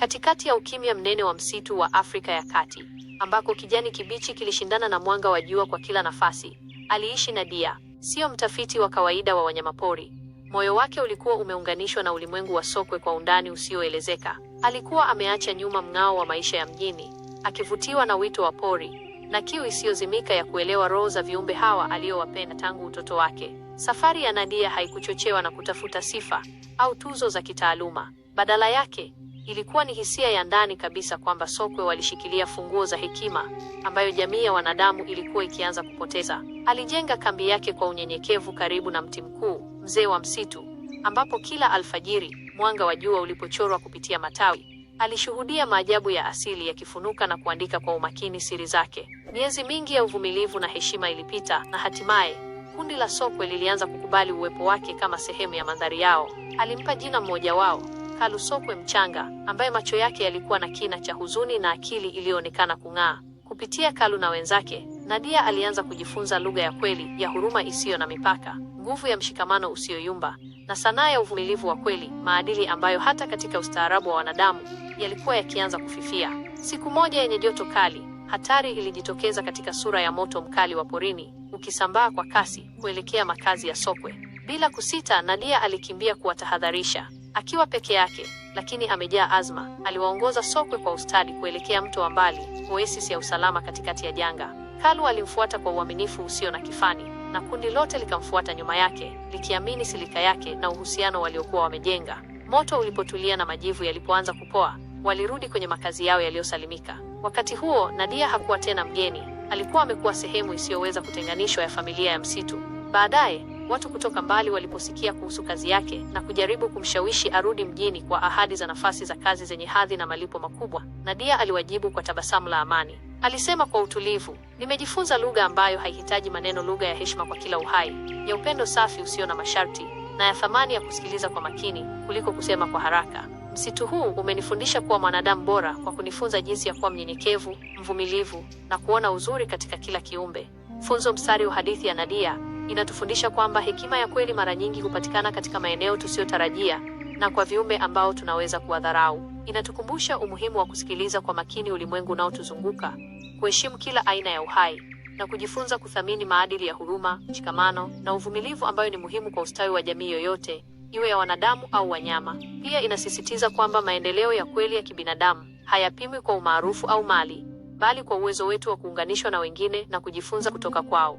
katikati ya ukimya mnene wa msitu wa Afrika ya Kati, ambako kijani kibichi kilishindana na mwanga wa jua kwa kila nafasi, aliishi Nadia. Sio mtafiti wa kawaida wa wanyamapori. Moyo wake ulikuwa umeunganishwa na ulimwengu wa sokwe kwa undani usioelezeka. Alikuwa ameacha nyuma mng'ao wa maisha ya mjini, akivutiwa na wito wa pori na kiu isiyozimika ya kuelewa roho za viumbe hawa aliyowapenda tangu utoto wake. Safari ya Nadia haikuchochewa na kutafuta sifa au tuzo za kitaaluma. Badala yake Ilikuwa ni hisia ya ndani kabisa kwamba sokwe walishikilia funguo za hekima ambayo jamii ya wanadamu ilikuwa ikianza kupoteza. Alijenga kambi yake kwa unyenyekevu karibu na mti mkuu, mzee wa msitu, ambapo kila alfajiri mwanga wa jua ulipochorwa kupitia matawi, alishuhudia maajabu ya asili yakifunuka na kuandika kwa umakini siri zake. Miezi mingi ya uvumilivu na heshima ilipita na hatimaye kundi la sokwe lilianza kukubali uwepo wake kama sehemu ya mandhari yao. Alimpa jina mmoja wao Kalusokwe mchanga, ambaye macho yake yalikuwa na kina cha huzuni na akili iliyoonekana kung'aa. Kupitia Kalu na wenzake, Nadia alianza kujifunza lugha ya kweli ya huruma isiyo na mipaka, nguvu ya mshikamano usiyoyumba, na sanaa ya uvumilivu wa kweli, maadili ambayo hata katika ustaarabu wa wanadamu yalikuwa yakianza kufifia. Siku moja yenye joto kali, hatari ilijitokeza katika sura ya moto mkali wa porini, ukisambaa kwa kasi kuelekea makazi ya Sokwe. Bila kusita, Nadia alikimbia kuwatahadharisha. Akiwa peke yake lakini amejaa azma, aliwaongoza sokwe kwa ustadi kuelekea mto wa mbali, oasis ya usalama katikati ya janga. Kalu alimfuata kwa uaminifu usio na kifani, na kundi lote likamfuata nyuma yake likiamini silika yake na uhusiano waliokuwa wamejenga. Moto ulipotulia na majivu yalipoanza kupoa, walirudi kwenye makazi yao yaliyosalimika. Wakati huo Nadia hakuwa tena mgeni, alikuwa amekuwa sehemu isiyoweza kutenganishwa ya familia ya msitu. Baadaye Watu kutoka mbali waliposikia kuhusu kazi yake na kujaribu kumshawishi arudi mjini kwa ahadi za nafasi za kazi zenye hadhi na malipo makubwa, Nadia aliwajibu kwa tabasamu la amani. Alisema kwa utulivu, nimejifunza lugha ambayo haihitaji maneno, lugha ya heshima kwa kila uhai, ya upendo safi usio na masharti, na ya thamani ya kusikiliza kwa makini kuliko kusema kwa haraka. Msitu huu umenifundisha kuwa mwanadamu bora kwa kunifunza jinsi ya kuwa mnyenyekevu, mvumilivu na kuona uzuri katika kila kiumbe. Funzo mstari wa hadithi ya Nadia inatufundisha kwamba hekima ya kweli mara nyingi hupatikana katika maeneo tusiyotarajia na kwa viumbe ambao tunaweza kuwadharau. Inatukumbusha umuhimu wa kusikiliza kwa makini ulimwengu unaotuzunguka, kuheshimu kila aina ya uhai na kujifunza kuthamini maadili ya huruma, mshikamano na uvumilivu ambayo ni muhimu kwa ustawi wa jamii yoyote, iwe ya wanadamu au wanyama. Pia inasisitiza kwamba maendeleo ya kweli ya kibinadamu hayapimwi kwa umaarufu au mali, bali kwa uwezo wetu wa kuunganishwa na wengine na kujifunza kutoka kwao.